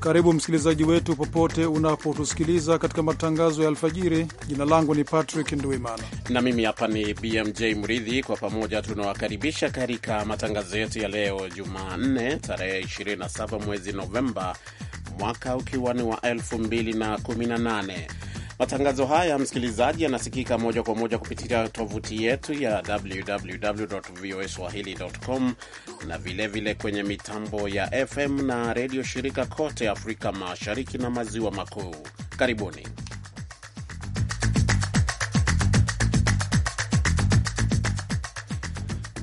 Karibu msikilizaji wetu popote unapotusikiliza katika matangazo ya alfajiri. Jina langu ni Patrick nduimana na mimi hapa ni BMJ Mridhi. Kwa pamoja tunawakaribisha katika matangazo yetu ya leo Jumanne, tarehe 27 mwezi Novemba, mwaka ukiwa ni wa 2018. Matangazo haya, msikilizaji, yanasikika moja kwa moja kupitia tovuti yetu ya www.voaswahili.com na vilevile vile kwenye mitambo ya FM na redio shirika kote Afrika Mashariki na Maziwa Makuu. Karibuni.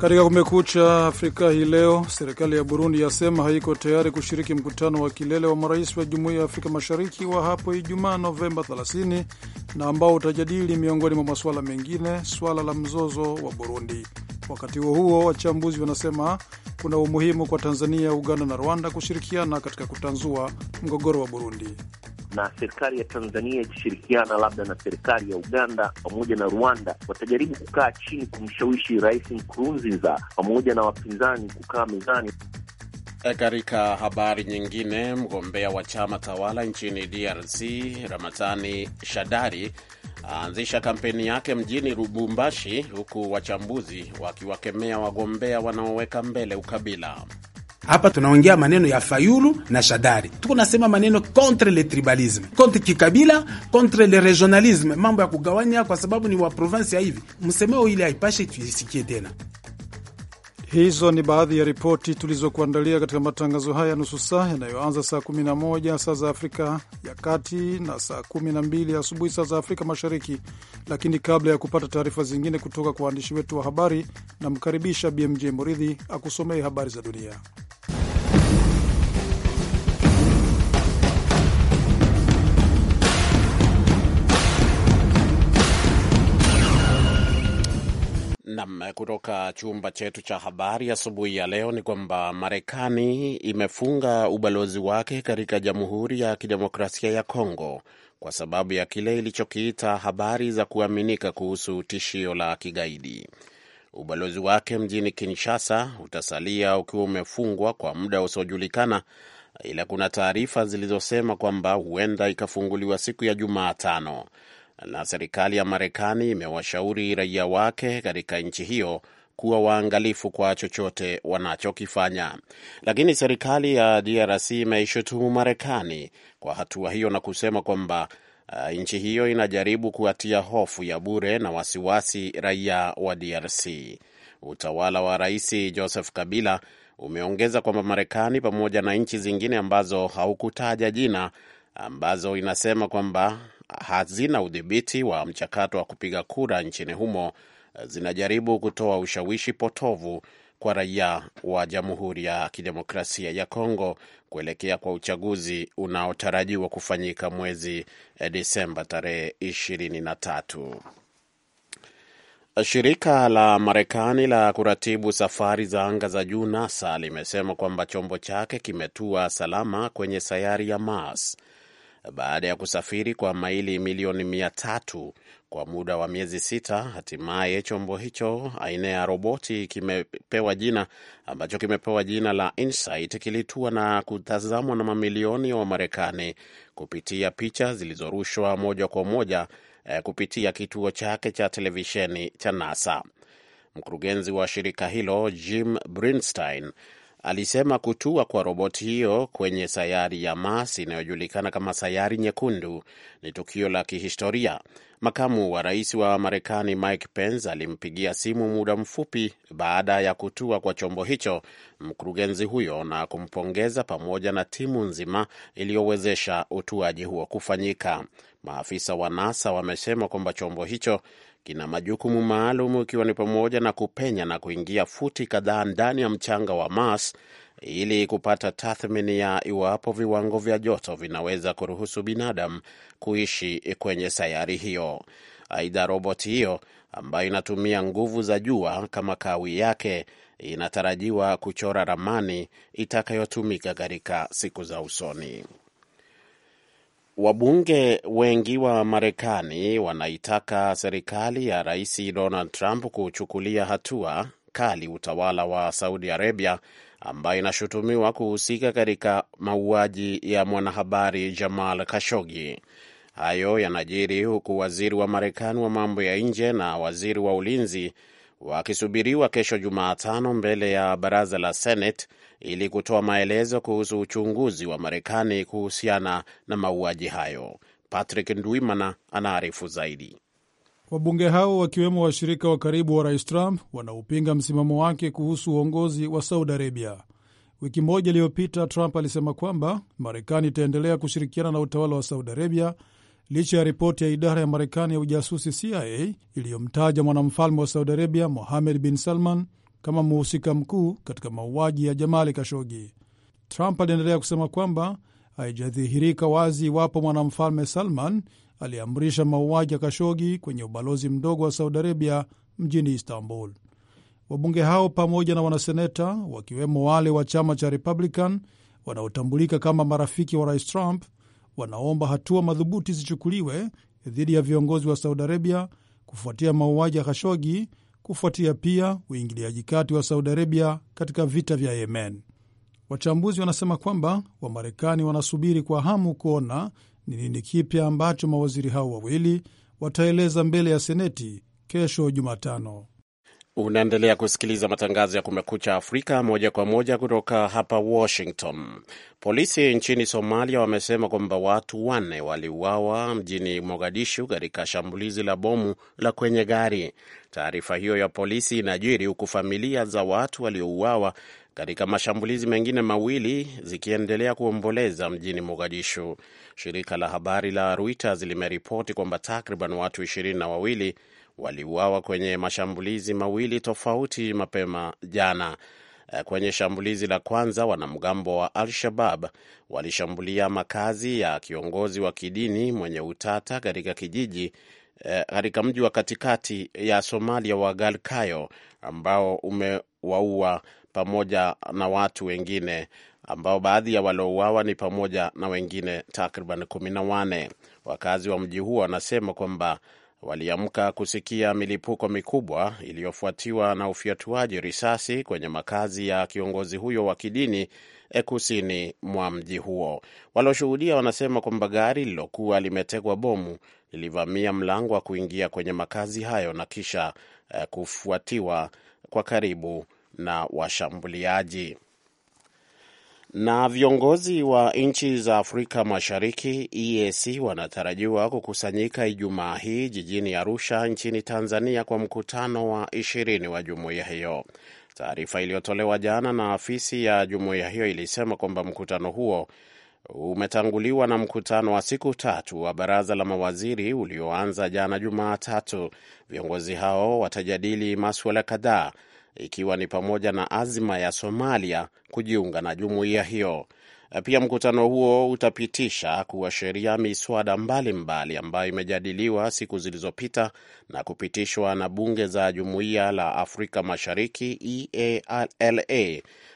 Katika Kumekucha Afrika hii leo, serikali ya Burundi yasema haiko tayari kushiriki mkutano wa kilele wa marais wa Jumuiya ya Afrika Mashariki wa hapo Ijumaa Novemba 30 na ambao utajadili miongoni mwa masuala mengine swala la mzozo wa Burundi. Wakati huo huo, wachambuzi wanasema kuna umuhimu kwa Tanzania, Uganda na Rwanda kushirikiana katika kutanzua mgogoro wa Burundi na serikali ya Tanzania ikishirikiana labda na serikali ya Uganda pamoja na Rwanda watajaribu kukaa chini kumshawishi Rais Nkurunziza pamoja na wapinzani kukaa mezani. E, katika habari nyingine, mgombea wa chama tawala nchini DRC Ramadhani Shadari aanzisha kampeni yake mjini Lubumbashi, huku wachambuzi wakiwakemea wagombea wanaoweka mbele ukabila. Hapa tunaongea maneno ya Fayulu na Shadari, tuko nasema maneno contre le tribalisme, contre kikabila, contre le regionalisme, mambo ya kugawanya kwa sababu ni wa ya hivi. Msemeo ile haipashe tuisikie tena. Hizo ni baadhi ya ripoti tulizokuandalia katika matangazo haya nusu saa yanayoanza saa 11 saa za Afrika ya Kati na saa 12 asubuhi saa za Afrika Mashariki. Lakini kabla ya kupata taarifa zingine kutoka kwa waandishi wetu wa habari, namkaribisha BMJ Muridhi akusomee habari za dunia. Nam, kutoka chumba chetu cha habari asubuhi ya, ya leo ni kwamba Marekani imefunga ubalozi wake katika Jamhuri ya Kidemokrasia ya Kongo kwa sababu ya kile ilichokiita habari za kuaminika kuhusu tishio la kigaidi. Ubalozi wake mjini Kinshasa utasalia ukiwa umefungwa kwa muda usiojulikana, ila kuna taarifa zilizosema kwamba huenda ikafunguliwa siku ya Jumatano na serikali ya Marekani imewashauri raia wake katika nchi hiyo kuwa waangalifu kwa chochote wanachokifanya. Lakini serikali ya DRC imeishutumu Marekani kwa hatua hiyo na kusema kwamba uh, nchi hiyo inajaribu kuwatia hofu ya bure na wasiwasi raia wa DRC. Utawala wa Rais Joseph Kabila umeongeza kwamba Marekani pamoja na nchi zingine ambazo haukutaja jina ambazo inasema kwamba hazina udhibiti wa mchakato wa kupiga kura nchini humo eh, zinajaribu kutoa ushawishi potovu kwa raia wa Jamhuri ya Kidemokrasia ya Kongo kuelekea kwa uchaguzi unaotarajiwa kufanyika mwezi eh, Desemba tarehe ishirini na tatu. Shirika la Marekani la kuratibu safari za anga za juu NASA limesema kwamba chombo chake kimetua salama kwenye sayari ya Mars baada ya kusafiri kwa maili milioni mia tatu kwa muda wa miezi sita. Hatimaye chombo hicho aina ya roboti kimepewa jina ambacho kimepewa jina la Insight kilitua na kutazamwa na mamilioni ya wa Wamarekani kupitia picha zilizorushwa moja kwa moja eh, kupitia kituo chake cha televisheni cha NASA. Mkurugenzi wa shirika hilo Jim brinstein alisema kutua kwa roboti hiyo kwenye sayari ya Mars inayojulikana kama sayari nyekundu ni tukio la kihistoria. Makamu wa rais wa Marekani Mike Pence alimpigia simu muda mfupi baada ya kutua kwa chombo hicho mkurugenzi huyo na kumpongeza pamoja na timu nzima iliyowezesha utuaji huo kufanyika. Maafisa wa NASA wamesema kwamba chombo hicho kina majukumu maalum ikiwa ni pamoja na kupenya na kuingia futi kadhaa ndani ya mchanga wa Mars ili kupata tathmini ya iwapo viwango vya joto vinaweza kuruhusu binadamu kuishi kwenye sayari hiyo. Aidha, roboti hiyo ambayo inatumia nguvu za jua kama kawi yake inatarajiwa kuchora ramani itakayotumika katika siku za usoni. Wabunge wengi wa Marekani wanaitaka serikali ya Rais Donald Trump kuchukulia hatua kali utawala wa Saudi Arabia ambayo inashutumiwa kuhusika katika mauaji ya mwanahabari Jamal Khashoggi. Hayo yanajiri huku waziri wa Marekani wa mambo ya nje na waziri wa ulinzi wakisubiriwa kesho Jumatano mbele ya baraza la Senate ili kutoa maelezo kuhusu uchunguzi wa Marekani kuhusiana na mauaji hayo. Patrick Ndwimana anaarifu zaidi. Wabunge hao wakiwemo washirika wa karibu wa rais Trump wanaopinga msimamo wake kuhusu uongozi wa Saudi Arabia. Wiki moja iliyopita, Trump alisema kwamba Marekani itaendelea kushirikiana na utawala wa Saudi Arabia licha ya ripoti ya idara ya Marekani ya ujasusi CIA iliyomtaja mwanamfalme wa Saudi Arabia Mohamed bin Salman kama muhusika mkuu katika mauaji ya Jamali Kashogi. Trump aliendelea kusema kwamba haijadhihirika wazi iwapo mwanamfalme Salman aliamrisha mauaji ya Kashogi kwenye ubalozi mdogo wa Saudi Arabia mjini Istanbul. Wabunge hao pamoja na wanaseneta wakiwemo wale wa chama cha Republican wanaotambulika kama marafiki wa rais Trump wanaomba hatua madhubuti zichukuliwe dhidi ya viongozi wa Saudi Arabia kufuatia mauaji ya Khashogi, kufuatia pia uingiliaji kati wa Saudi Arabia katika vita vya Yemen. Wachambuzi wanasema kwamba Wamarekani wanasubiri kwa hamu kuona ni nini kipya ambacho mawaziri hao wawili wataeleza mbele ya Seneti kesho Jumatano. Unaendelea kusikiliza matangazo ya Kumekucha Afrika moja kwa moja kutoka hapa Washington. Polisi nchini Somalia wamesema kwamba watu wanne waliuawa mjini Mogadishu katika shambulizi la bomu la kwenye gari. Taarifa hiyo ya polisi inajiri huku familia za watu waliouawa katika mashambulizi mengine mawili zikiendelea kuomboleza mjini Mogadishu. Shirika la habari la Reuters limeripoti kwamba takriban watu ishirini na wawili waliuawa kwenye mashambulizi mawili tofauti mapema jana. Eh, kwenye shambulizi la kwanza, wanamgambo wa Al-Shabab walishambulia makazi ya kiongozi wa kidini mwenye utata katika kijiji eh, katika mji wa katikati ya Somalia wa Galkayo ambao umewaua pamoja na watu wengine ambao baadhi ya waliouawa ni pamoja na wengine takriban kumi na wane. Wakazi wa mji huo wanasema kwamba waliamka kusikia milipuko mikubwa iliyofuatiwa na ufyatuaji risasi kwenye makazi ya kiongozi huyo wa kidini eh, kusini mwa mji huo. Walioshuhudia wanasema kwamba gari lilokuwa limetegwa bomu lilivamia mlango wa kuingia kwenye makazi hayo na kisha eh, kufuatiwa kwa karibu na washambuliaji. Na viongozi wa nchi za Afrika Mashariki EAC wanatarajiwa kukusanyika Ijumaa hii jijini Arusha nchini Tanzania kwa mkutano wa ishirini wa jumuiya hiyo. Taarifa iliyotolewa jana na afisi ya jumuiya hiyo ilisema kwamba mkutano huo umetanguliwa na mkutano wa siku tatu wa baraza la mawaziri ulioanza jana Jumatatu. Viongozi hao watajadili maswala kadhaa ikiwa ni pamoja na azima ya Somalia kujiunga na jumuiya hiyo. Pia mkutano huo utapitisha kuwa sheria miswada mbalimbali ambayo imejadiliwa siku zilizopita na kupitishwa na bunge za jumuiya la Afrika Mashariki EALA,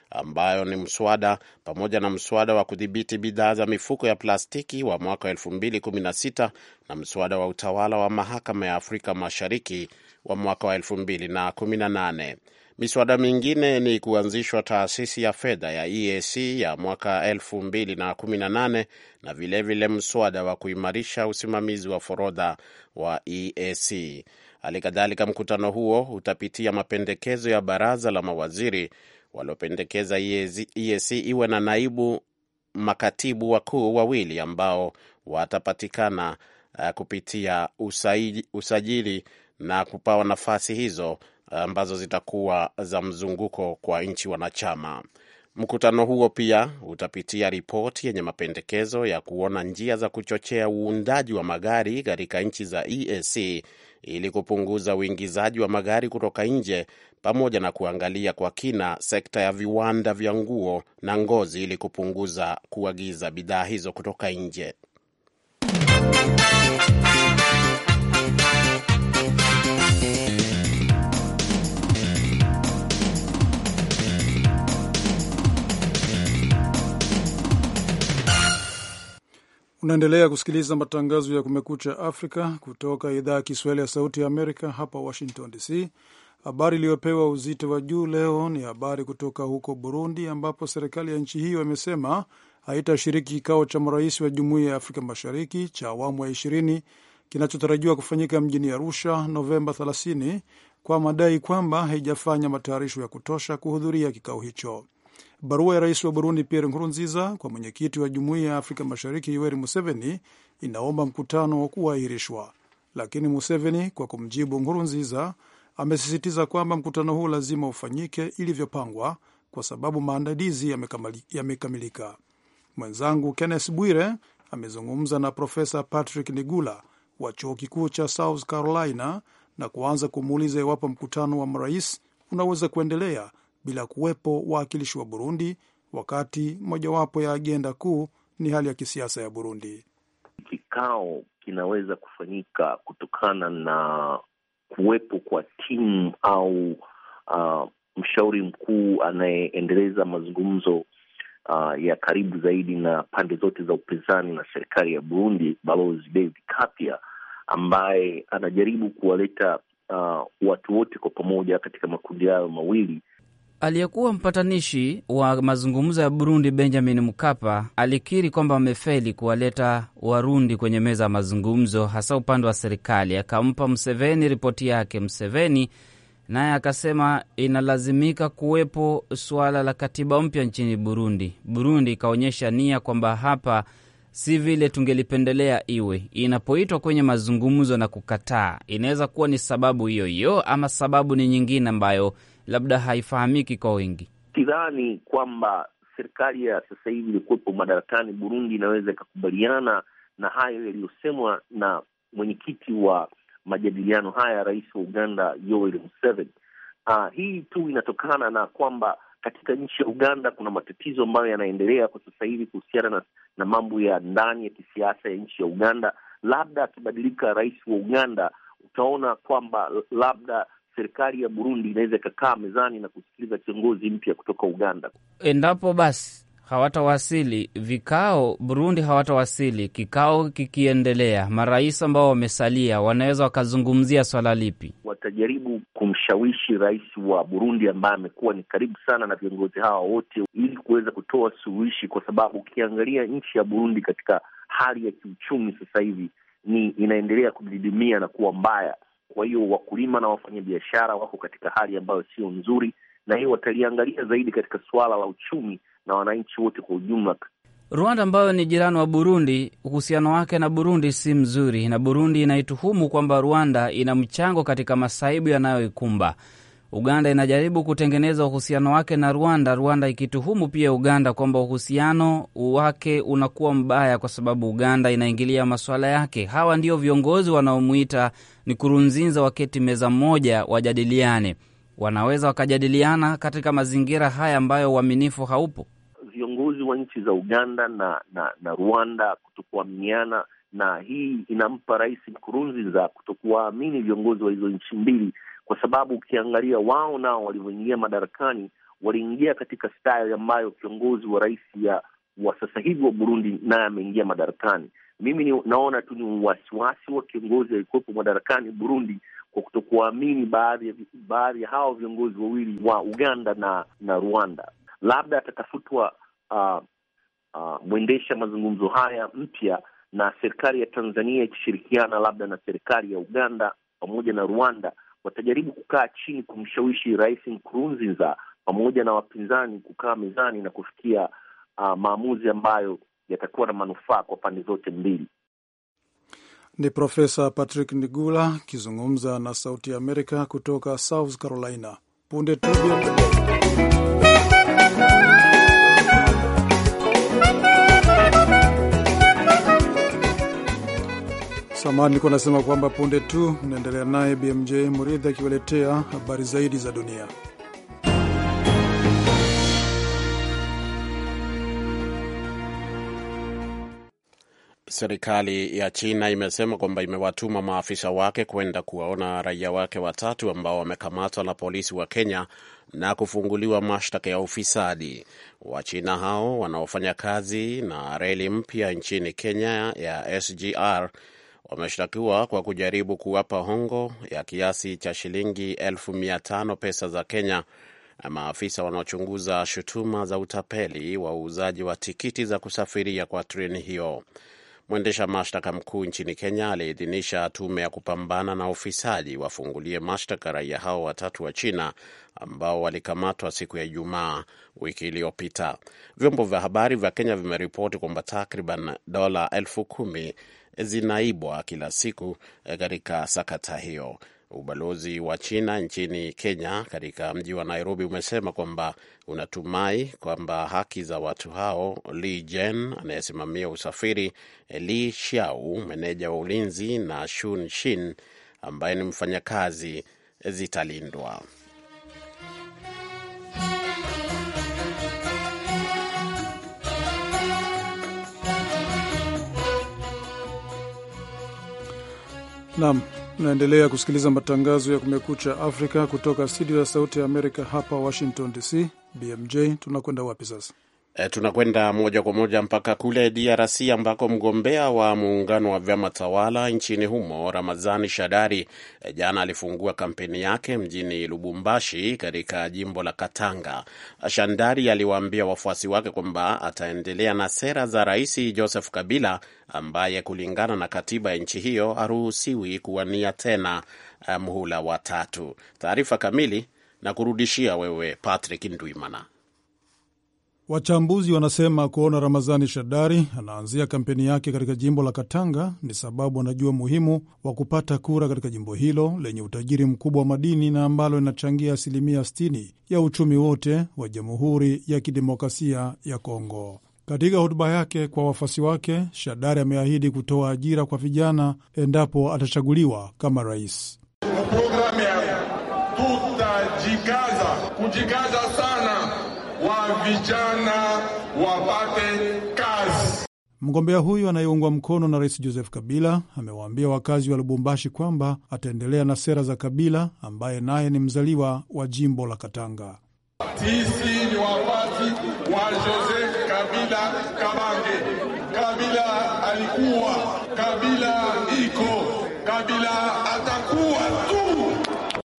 ambayo ni mswada pamoja na mswada wa kudhibiti bidhaa za mifuko ya plastiki wa mwaka 2016 na mswada wa utawala wa mahakama ya Afrika Mashariki wa mwaka wa 2018. Miswada mingine ni kuanzishwa taasisi ya fedha ya EAC ya mwaka 218 na na na vilevile mswada wa kuimarisha usimamizi wa forodha wa EAC. Hali kadhalika, mkutano huo utapitia mapendekezo ya baraza la mawaziri waliopendekeza EAC e iwe na naibu makatibu wakuu wawili ambao watapatikana eh, kupitia usajili na kupawa nafasi hizo ambazo zitakuwa za mzunguko kwa nchi wanachama. Mkutano huo pia utapitia ripoti yenye mapendekezo ya kuona njia za kuchochea uundaji wa magari katika nchi za EAC ili kupunguza uingizaji wa magari kutoka nje pamoja na kuangalia kwa kina sekta ya viwanda vya nguo na ngozi ili kupunguza kuagiza bidhaa hizo kutoka nje. Unaendelea kusikiliza matangazo ya Kumekucha Afrika kutoka idhaa ya Kiswahili ya Sauti ya Amerika, hapa Washington DC. Habari iliyopewa uzito wa juu leo ni habari kutoka huko Burundi, ambapo serikali ya nchi hiyo imesema haitashiriki kikao cha marais wa Jumuiya ya Afrika Mashariki cha awamu ya ishirini kinachotarajiwa kufanyika mjini Arusha Novemba 30 kwa madai kwamba haijafanya matayarisho ya kutosha kuhudhuria kikao hicho. Barua ya rais wa Burundi Pierre Nkurunziza kwa mwenyekiti wa jumuiya ya Afrika Mashariki Yoweri Museveni inaomba mkutano wa kuahirishwa, lakini Museveni kwa kumjibu Nkurunziza amesisitiza kwamba mkutano huu lazima ufanyike ilivyopangwa kwa sababu maandalizi yamekamilika. Mwenzangu Kenneth Bwire amezungumza na Profesa Patrick Nigula wa chuo kikuu cha South Carolina na kuanza kumuuliza iwapo mkutano wa marais unaweza kuendelea bila kuwepo waakilishi wa Burundi, wakati mojawapo ya ajenda kuu ni hali ya kisiasa ya Burundi. Kikao kinaweza kufanyika kutokana na kuwepo kwa timu au uh, mshauri mkuu anayeendeleza mazungumzo uh, ya karibu zaidi na pande zote za upinzani na serikali ya Burundi, Balozi David Kapia ambaye anajaribu kuwaleta uh, watu wote kwa pamoja katika makundi hayo mawili Aliyekuwa mpatanishi wa mazungumzo ya Burundi Benjamin Mkapa alikiri kwamba wamefeli kuwaleta Warundi kwenye meza ya mazungumzo, hasa upande wa serikali. Akampa Mseveni ripoti yake. Mseveni naye akasema inalazimika kuwepo suala la katiba mpya nchini Burundi. Burundi ikaonyesha nia kwamba hapa si vile tungelipendelea iwe. Inapoitwa kwenye mazungumzo na kukataa, inaweza kuwa ni sababu hiyo hiyo, ama sababu ni nyingine ambayo labda haifahamiki kwa wengi. Sidhani kwamba serikali ya sasa hivi iliyokuwepo madarakani Burundi inaweza ikakubaliana na hayo yaliyosemwa na mwenyekiti wa majadiliano haya, rais wa Uganda Yoweri Museveni. Uh, hii tu inatokana na kwamba katika nchi ya Uganda kuna matatizo ambayo yanaendelea kwa sasa hivi kuhusiana na, na mambo ya ndani ya kisiasa ya nchi ya Uganda. Labda akibadilika rais wa Uganda, utaona kwamba labda serikali ya Burundi inaweza ikakaa mezani na kusikiliza kiongozi mpya kutoka Uganda. Endapo basi hawatawasili vikao, Burundi hawatawasili kikao, kikiendelea, marais ambao wamesalia wanaweza wakazungumzia swala lipi? Watajaribu kumshawishi rais wa Burundi ambaye amekuwa ni karibu sana na viongozi hawa wote, ili kuweza kutoa suluhishi, kwa sababu ukiangalia nchi ya Burundi katika hali ya kiuchumi sasa hivi ni inaendelea kudidimia na kuwa mbaya. Kwa hiyo wakulima na wafanyabiashara wako katika hali ambayo sio nzuri, na hiyo wataliangalia zaidi katika suala la uchumi na wananchi wote kwa ujumla. Rwanda ambayo ni jirani wa Burundi, uhusiano wake na Burundi si mzuri, na Burundi inaituhumu kwamba Rwanda ina mchango katika masaibu yanayoikumba Uganda inajaribu kutengeneza uhusiano wake na Rwanda, Rwanda ikituhumu pia Uganda kwamba uhusiano wake unakuwa mbaya kwa sababu Uganda inaingilia masuala yake. Hawa ndio viongozi wanaomwita Kurunzinza, waketi meza moja wajadiliane. Wanaweza wakajadiliana katika mazingira haya ambayo uaminifu haupo. Viongozi wa nchi za Uganda na na, na Rwanda kutokuaminiana, na hii inampa Rais Nkurunziza kutokuwaamini viongozi wa hizo nchi mbili kwa sababu ukiangalia wao nao walivyoingia madarakani waliingia katika style ambayo kiongozi wa rais ya wa sasa hivi wa Burundi naye ameingia madarakani. Mimi ni, naona tu ni wasiwasi wa kiongozi alikuwepo madarakani Burundi kwa kutokuamini baadhi ya baadhi ya hawa viongozi wawili wa Uganda na na Rwanda, labda atatafutwa uh, uh, mwendesha mazungumzo haya mpya na serikali ya Tanzania ikishirikiana labda na serikali ya Uganda pamoja na Rwanda watajaribu kukaa chini kumshawishi Rais Nkurunziza pamoja na wapinzani kukaa mezani na kufikia uh, maamuzi ambayo yatakuwa na manufaa kwa pande zote mbili. Ni Profesa Patrick Nigula akizungumza na Sauti ya Amerika kutoka South Carolina. Punde tu. Samani alikuwa anasema kwamba punde tu naendelea naye BMJ Muridhi akiwaletea habari zaidi za dunia. Serikali ya China imesema kwamba imewatuma maafisa wake kwenda kuwaona raia wake watatu ambao wamekamatwa na polisi wa Kenya na kufunguliwa mashtaka ya ufisadi. Wachina hao wanaofanya kazi na reli mpya nchini Kenya ya SGR wameshtakiwa kwa kujaribu kuwapa hongo ya kiasi cha shilingi elfu mia tano pesa za Kenya maafisa wanaochunguza shutuma za utapeli wa uuzaji wa tikiti za kusafiria kwa treni hiyo. Mwendesha mashtaka mkuu nchini Kenya aliidhinisha tume ya kupambana na ufisadi wafungulie mashtaka raia hao watatu wa China ambao walikamatwa siku ya Ijumaa wiki iliyopita. Vyombo vya habari vya Kenya vimeripoti kwamba takriban dola elfu kumi zinaibwa kila siku eh, katika sakata hiyo. Ubalozi wa China nchini Kenya katika mji wa Nairobi umesema kwamba unatumai kwamba haki za watu hao. Li Jen anayesimamia usafiri, eh, Li Xiao meneja wa ulinzi na Shun Shin ambaye ni mfanyakazi eh, zitalindwa. nam tunaendelea kusikiliza matangazo ya Kumekucha Afrika kutoka studio ya Sauti ya Amerika hapa Washington DC. BMJ, tunakwenda wapi sasa? E, tunakwenda moja kwa moja mpaka kule DRC ambako mgombea wa muungano wa vyama tawala nchini humo Ramazani Shadari e, jana alifungua kampeni yake mjini Lubumbashi katika jimbo la Katanga. Shandari aliwaambia wafuasi wake kwamba ataendelea na sera za Rais Joseph Kabila ambaye kulingana na katiba ya nchi hiyo haruhusiwi kuwania tena eh, muhula wa tatu. Taarifa kamili na kurudishia wewe Patrick Ndwimana. Wachambuzi wanasema kuona Ramazani Shadari anaanzia kampeni yake katika jimbo la Katanga ni sababu anajua umuhimu wa kupata kura katika jimbo hilo lenye utajiri mkubwa wa madini na ambalo linachangia asilimia 60 ya uchumi wote wa Jamhuri ya Kidemokrasia ya Kongo. Katika hotuba yake kwa wafuasi wake, Shadari ameahidi kutoa ajira kwa vijana endapo atachaguliwa kama rais. tutajikaza kujikaza vijana wapate kazi. Mgombea huyo anayeungwa mkono na Rais Joseph Kabila amewaambia wakazi wa Lubumbashi kwamba ataendelea na sera za Kabila ambaye naye ni mzaliwa wa jimbo la Katanga. Sisi ni wafuasi wa Joseph Kabila kama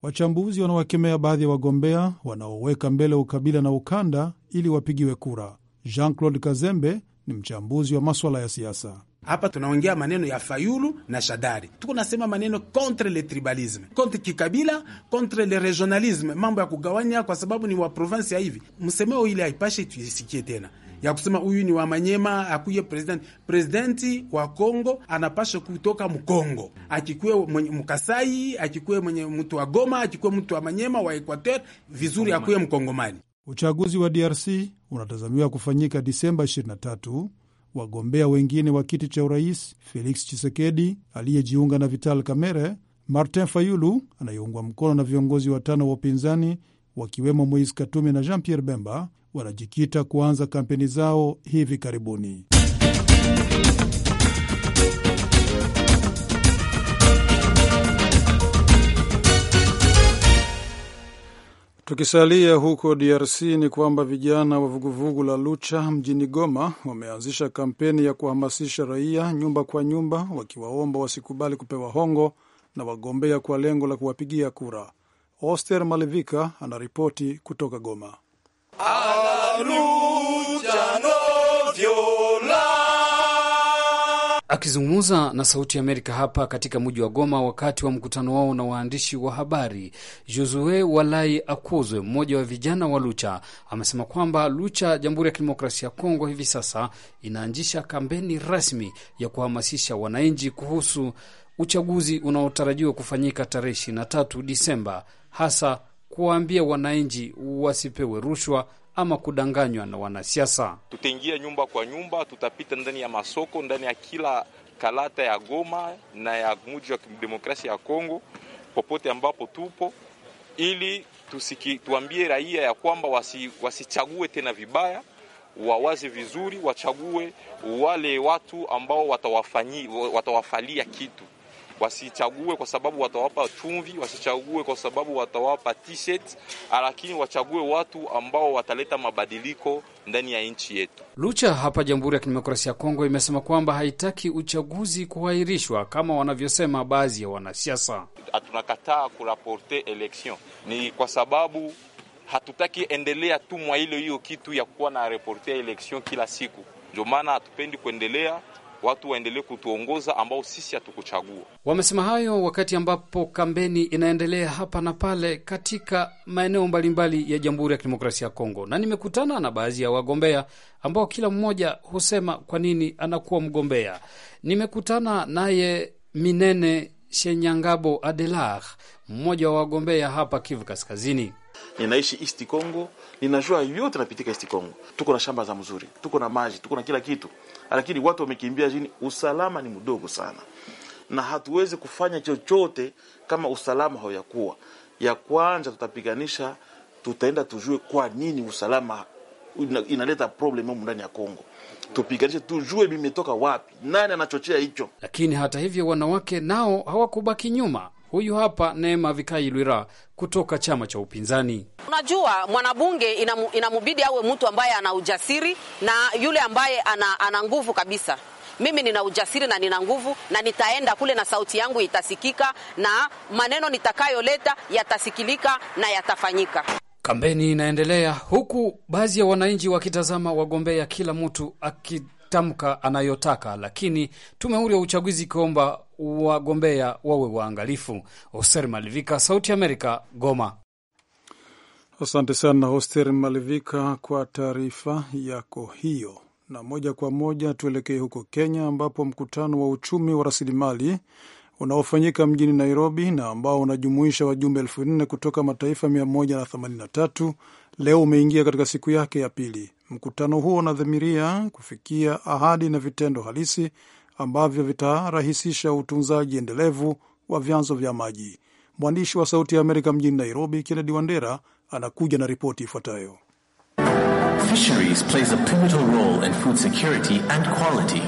Wachambuzi wanawakemea baadhi ya wagombea wanaoweka mbele ukabila na ukanda ili wapigiwe kura. Jean Claude Kazembe ni mchambuzi wa maswala ya siasa. Hapa tunaongea maneno ya Fayulu na Shadari, tuko nasema maneno contre le tribalisme, contre kikabila, contre le regionalisme, mambo ya kugawanya kwa sababu ni wa provinsi ya hivi. Msemeo ile haipashe tuisikie tena ya kusema huyu ni wa Manyema akuye presidenti. Presidenti wa Kongo anapasha kutoka Mkongo, akikuwe Mkasai, akikuwe mwenye mtu wa Goma, akikuwe mtu wa Manyema wa Equateur, vizuri akuye Mkongomani. Uchaguzi wa DRC unatazamiwa kufanyika Disemba 23. Wagombea wengine wa kiti cha urais Felix Chisekedi aliyejiunga na Vital Kamerhe, Martin Fayulu anayeungwa mkono na viongozi watano wa upinzani wakiwemo Moise Katumbi na Jean Pierre Bemba wanajikita kuanza kampeni zao hivi karibuni. Tukisalia huko DRC ni kwamba vijana wa vuguvugu la Lucha mjini Goma wameanzisha kampeni ya kuhamasisha raia nyumba kwa nyumba, wakiwaomba wasikubali kupewa hongo na wagombea kwa lengo la kuwapigia kura. Oster Malevika anaripoti kutoka Goma. Akizungumza na Sauti Amerika hapa katika mji wa Goma wakati wa mkutano wao na waandishi wa habari, Josue Walai Akuzwe, mmoja wa vijana wa Lucha, amesema kwamba Lucha Jamhuri ya Kidemokrasia ya Kongo hivi sasa inaanzisha kampeni rasmi ya kuhamasisha wananchi kuhusu uchaguzi unaotarajiwa kufanyika tarehe 23 Disemba hasa kuwaambia wananchi wasipewe rushwa ama kudanganywa na wanasiasa. Tutaingia nyumba kwa nyumba, tutapita ndani ya masoko, ndani ya kila kalata ya Goma na ya muji wa demokrasia ya Kongo, popote ambapo tupo, ili tusiki, tuambie raia ya kwamba wasi, wasichague tena vibaya, wawaze vizuri, wachague wale watu ambao watawafanyi, watawafalia kitu wasichague kwa sababu watawapa chumvi, wasichague kwa sababu watawapa t-shirt, lakini wachague watu ambao wataleta mabadiliko ndani ya nchi yetu. Lucha hapa Jamhuri ya Kidemokrasia ya Kongo imesema kwamba haitaki uchaguzi kuahirishwa kama wanavyosema baadhi ya wanasiasa. Hatunakataa kuraporte election ni kwa sababu hatutaki endelea tu mwa ile hiyo kitu ya kuwa na reporte election kila siku, ndio maana hatupendi kuendelea watu waendelee kutuongoza ambao sisi hatukuchagua. Wamesema hayo wakati ambapo kampeni inaendelea hapa na pale katika maeneo mbalimbali ya Jamhuri ya Kidemokrasia ya Kongo, na nimekutana na baadhi ya wagombea ambao kila mmoja husema kwa nini anakuwa mgombea. Nimekutana naye Minene Shenyangabo Adelar, mmoja wa wagombea hapa Kivu Kaskazini. Ninaishi East Congo, ninajua yote napitika East Congo. Tuko na shamba za mzuri, tuko na maji, tuko na kila kitu lakini watu wamekimbia chini, usalama ni mdogo sana, na hatuwezi kufanya chochote kama usalama hauyakuwa. Ya kwanza tutapiganisha, tutaenda tujue kwa nini usalama inaleta problem humu ndani ya Kongo, tupiganishe tujue mimetoka wapi, nani anachochea hicho. Lakini hata hivyo, wanawake nao hawakubaki nyuma Huyu hapa Neema Vikai Lwira kutoka chama cha upinzani. Unajua, mwanabunge inamubidi awe mtu ambaye ana ujasiri na yule ambaye ana, ana nguvu kabisa. Mimi nina ujasiri na nina nguvu na nitaenda kule na sauti yangu itasikika na maneno nitakayoleta yatasikilika na yatafanyika. Kampeni inaendelea huku baadhi ya wananchi wakitazama wagombea, kila mtu aki tamka anayotaka, lakini tume huru ya uchaguzi ikiomba wagombea wawe waangalifu. hoster Malivika, Sauti Amerika, Goma. Asante sana Hoster Malivika kwa taarifa yako hiyo. Na moja kwa moja tuelekee huko Kenya, ambapo mkutano wa uchumi wa rasilimali unaofanyika mjini Nairobi na ambao unajumuisha wajumbe elfu nne kutoka mataifa 183 leo umeingia katika siku yake ya pili. Mkutano huo unadhamiria kufikia ahadi na vitendo halisi ambavyo vitarahisisha utunzaji endelevu wa vyanzo vya maji. Mwandishi wa Sauti ya Amerika mjini Nairobi, Kennedy Wandera anakuja na ripoti ifuatayo. Fisheries plays a pivotal role in food security and quality.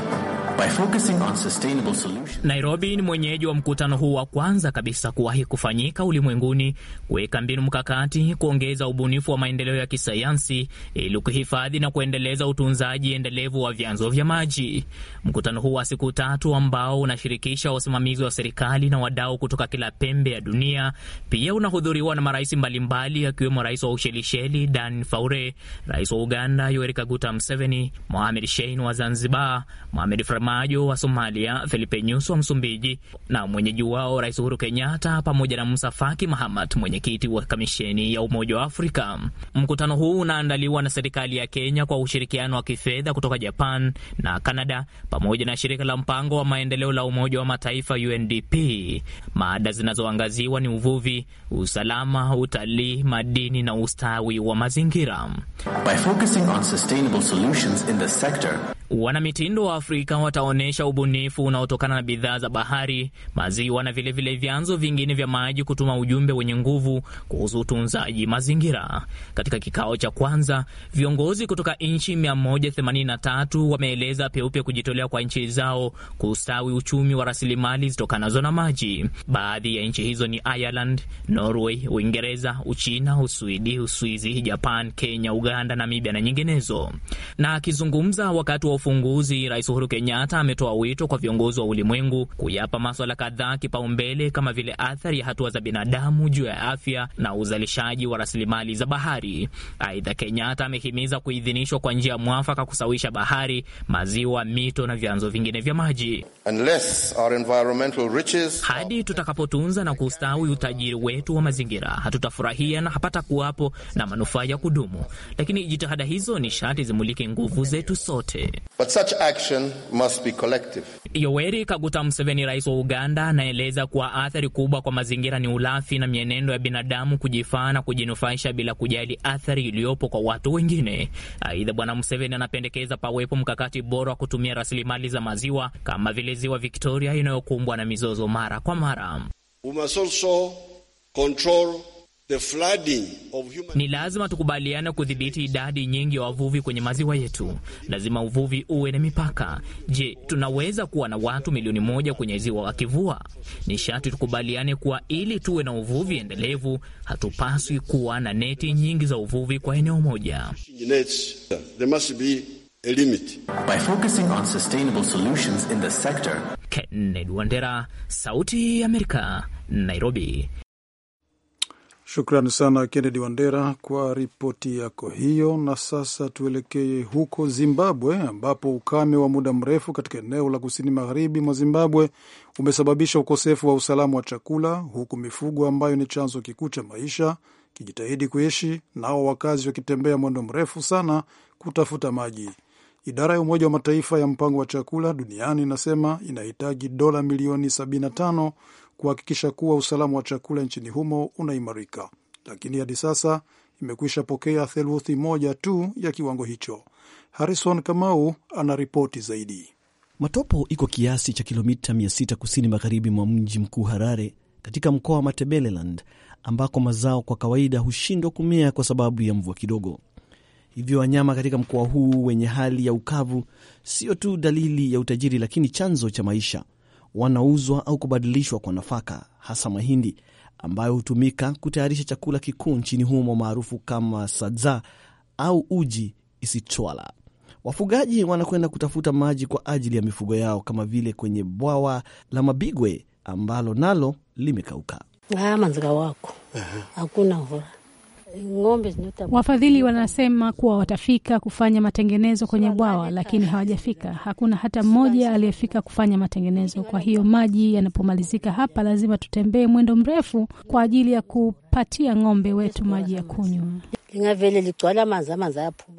By focusing on sustainable solutions. Nairobi ni mwenyeji wa mkutano huu wa kwanza kabisa kuwahi kufanyika ulimwenguni kuweka mbinu mkakati kuongeza ubunifu wa maendeleo ya kisayansi ili kuhifadhi na kuendeleza utunzaji endelevu wa vyanzo vya maji. Mkutano huu wa siku tatu ambao unashirikisha wasimamizi wa serikali na wadau kutoka kila pembe ya dunia pia unahudhuriwa na marais mbalimbali akiwemo rais wa Ushelisheli Dan Faure, rais wa Uganda Yoweri Kaguta Museveni, Mohamed Shein wa Zanzibar, Mohamed Farmajo wa Somalia, Filipe Nyusu wa Msumbiji na mwenyeji wao Rais Uhuru Kenyatta, pamoja na Musa Faki Mahamat, mwenyekiti wa kamisheni ya Umoja wa Afrika. Mkutano huu unaandaliwa na serikali ya Kenya kwa ushirikiano wa kifedha kutoka Japan na Kanada pamoja na shirika la mpango wa maendeleo la Umoja wa Mataifa, UNDP. Mada zinazoangaziwa ni uvuvi, usalama, utalii, madini na ustawi wa mazingira. By focusing on sustainable solutions in the sector Wanamitindo wa Afrika wataonyesha ubunifu unaotokana na bidhaa za bahari, maziwa na vilevile vyanzo vingine vya maji kutuma ujumbe wenye nguvu kuhusu utunzaji mazingira. Katika kikao cha kwanza, viongozi kutoka nchi 183 wameeleza peupe kujitolea kwa nchi zao kustawi uchumi wa rasilimali zitokanazo na maji. Baadhi ya nchi hizo ni Ireland, Norway, Uingereza, Uchina, Uswidi, Uswizi, Japan, Kenya, Uganda, Namibia na nyinginezo. Na akizungumza wakati wa ufunguzi, Rais Uhuru Kenyatta ametoa wito kwa viongozi wa ulimwengu kuyapa maswala kadhaa kipaumbele kama vile athari ya hatua za binadamu juu ya afya na uzalishaji wa rasilimali za bahari. Aidha, Kenyatta amehimiza kuidhinishwa kwa njia mwafaka kusawisha bahari, maziwa, mito na vyanzo vingine vya maji riches... hadi tutakapotunza na kustawi utajiri wetu wa mazingira hatutafurahia na hapata kuwapo na manufaa ya kudumu, lakini jitihada hizo ni sharti zimulike nguvu zetu sote. But such action must be collective. Yoweri Kaguta Museveni, rais wa Uganda, anaeleza kuwa athari kubwa kwa mazingira ni ulafi na mienendo ya binadamu kujifaa na kujinufaisha bila kujali athari iliyopo kwa watu wengine. Aidha, Bwana Museveni anapendekeza pawepo mkakati bora wa kutumia rasilimali za maziwa kama vile ziwa Victoria inayokumbwa na mizozo mara kwa mara. We must also control Human... ni lazima tukubaliane kudhibiti idadi nyingi ya wa wavuvi kwenye maziwa yetu. Lazima uvuvi uwe na mipaka. Je, tunaweza kuwa na watu milioni moja kwenye ziwa wakivua? Ni sharti tukubaliane kuwa ili tuwe na uvuvi endelevu, hatupaswi kuwa na neti nyingi za uvuvi kwa eneo moja. Kennedy Wandera, Sauti ya Amerika, Nairobi. Shukrani sana Kennedy Wandera kwa ripoti yako hiyo. Na sasa tuelekee huko Zimbabwe, ambapo ukame wa muda mrefu katika eneo la kusini magharibi mwa Zimbabwe umesababisha ukosefu wa usalama wa chakula, huku mifugo ambayo ni chanzo kikuu cha maisha kijitahidi kuishi, nao wakazi wakitembea mwendo mrefu sana kutafuta maji. Idara ya Umoja wa Mataifa ya Mpango wa Chakula Duniani inasema inahitaji dola milioni 75 kuhakikisha kuwa usalama wa chakula nchini humo unaimarika, lakini hadi sasa imekwisha pokea theluthi moja tu ya kiwango hicho. Harrison Kamau ana ripoti zaidi. Matopo iko kiasi cha kilomita 600 kusini magharibi mwa mji mkuu Harare, katika mkoa wa Matabeleland ambako mazao kwa kawaida hushindwa kumea kwa sababu ya mvua kidogo. Hivyo wanyama katika mkoa huu wenye hali ya ukavu sio tu dalili ya utajiri, lakini chanzo cha maisha, wanauzwa au kubadilishwa kwa nafaka, hasa mahindi ambayo hutumika kutayarisha chakula kikuu nchini humo maarufu kama sadza au uji isichwala. Wafugaji wanakwenda kutafuta maji kwa ajili ya mifugo yao kama vile kwenye bwawa la Mabigwe ambalo nalo limekauka. Manzika wako hakuna mvua ng'ombe. Wafadhili wanasema kuwa watafika kufanya matengenezo kwenye bwawa, lakini hawajafika. Hakuna hata mmoja aliyefika kufanya matengenezo. Kwa hiyo maji yanapomalizika hapa, lazima tutembee mwendo mrefu kwa ajili ya kupatia ng'ombe wetu maji ya kunywa.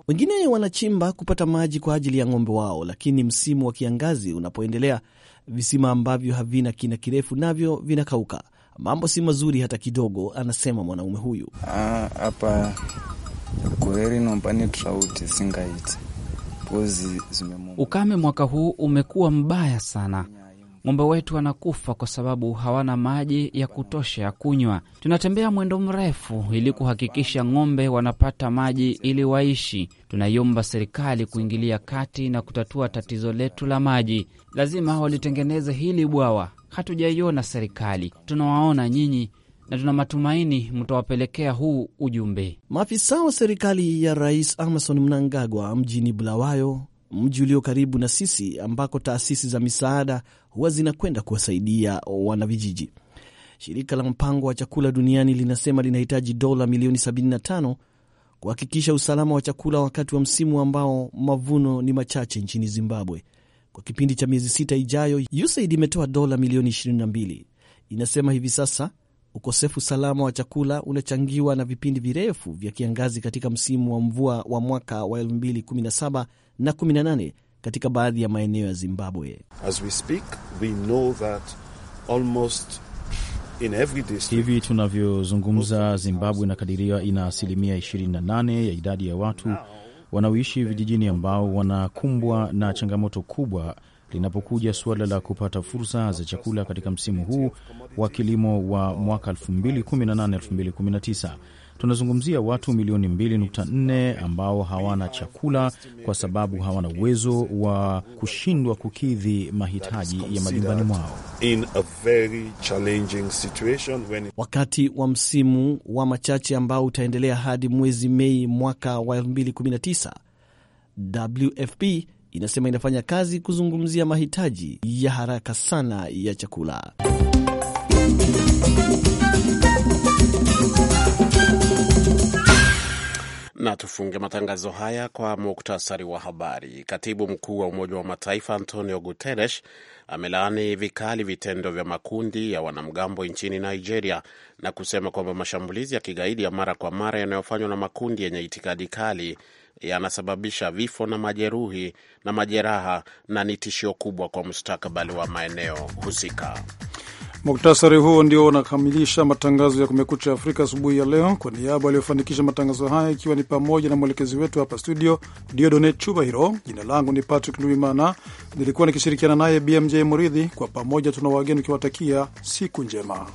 Wengine wanachimba kupata maji kwa ajili ya ng'ombe wao, lakini msimu wa kiangazi unapoendelea, visima ambavyo havina kina kirefu navyo vinakauka. Mambo si mazuri hata kidogo, anasema mwanaume huyu. Ah, hapa kweli nampani tofauti singaiti Ukame mwaka huu umekuwa mbaya sana. Ng'ombe wetu wanakufa kwa sababu hawana maji ya kutosha ya kunywa. Tunatembea mwendo mrefu ili kuhakikisha ng'ombe wanapata maji ili waishi. Tunaiomba serikali kuingilia kati na kutatua tatizo letu la maji. Lazima walitengeneze hili bwawa hatujaiona serikali, tunawaona nyinyi na tuna matumaini mtawapelekea huu ujumbe. Maafisa wa serikali ya Rais Emmerson Mnangagwa mjini Bulawayo, mji ulio karibu na sisi ambako taasisi za misaada huwa zinakwenda kuwasaidia wanavijiji. Shirika la mpango wa chakula duniani linasema linahitaji dola milioni 75 kuhakikisha usalama wa chakula wakati wa msimu ambao mavuno ni machache nchini Zimbabwe. Kwa kipindi cha miezi sita ijayo, USAID imetoa dola milioni 22. Inasema hivi sasa ukosefu salama wa chakula unachangiwa na vipindi virefu vya kiangazi katika msimu wa mvua wa mwaka wa 2017 na 18 katika baadhi ya maeneo ya Zimbabwe. As we speak, we know that almost Hivi tunavyozungumza Zimbabwe inakadiriwa ina asilimia 28 ya idadi ya watu wanaoishi vijijini ambao wanakumbwa na changamoto kubwa linapokuja suala la kupata fursa za chakula katika msimu huu wa kilimo wa mwaka 2018-2019. Tunazungumzia watu milioni 2.4 ambao hawana chakula kwa sababu hawana uwezo wa kushindwa kukidhi mahitaji ya majumbani mwao. Wakati wa msimu wa machache ambao utaendelea hadi mwezi Mei mwaka wa 2019, WFP inasema inafanya kazi kuzungumzia mahitaji ya haraka sana ya chakula. Na tufunge matangazo haya kwa muktasari wa habari. Katibu mkuu wa Umoja wa Mataifa Antonio Guterres amelaani vikali vitendo vya makundi ya wanamgambo nchini Nigeria na kusema kwamba mashambulizi ya kigaidi ya mara kwa mara yanayofanywa na makundi yenye itikadi kali yanasababisha vifo na majeruhi na majeraha na ni tishio kubwa kwa mustakabali wa maeneo husika. Muktasari huo ndio unakamilisha matangazo ya Kumekucha Afrika asubuhi ya leo. Kwa niaba waliofanikisha matangazo haya, ikiwa ni pamoja na mwelekezi wetu hapa studio Diodone Chubahiro, jina langu ni Patrick Nduimana, nilikuwa nikishirikiana naye BMJ Muridhi. Kwa pamoja tuna wageni ukiwatakia siku njema.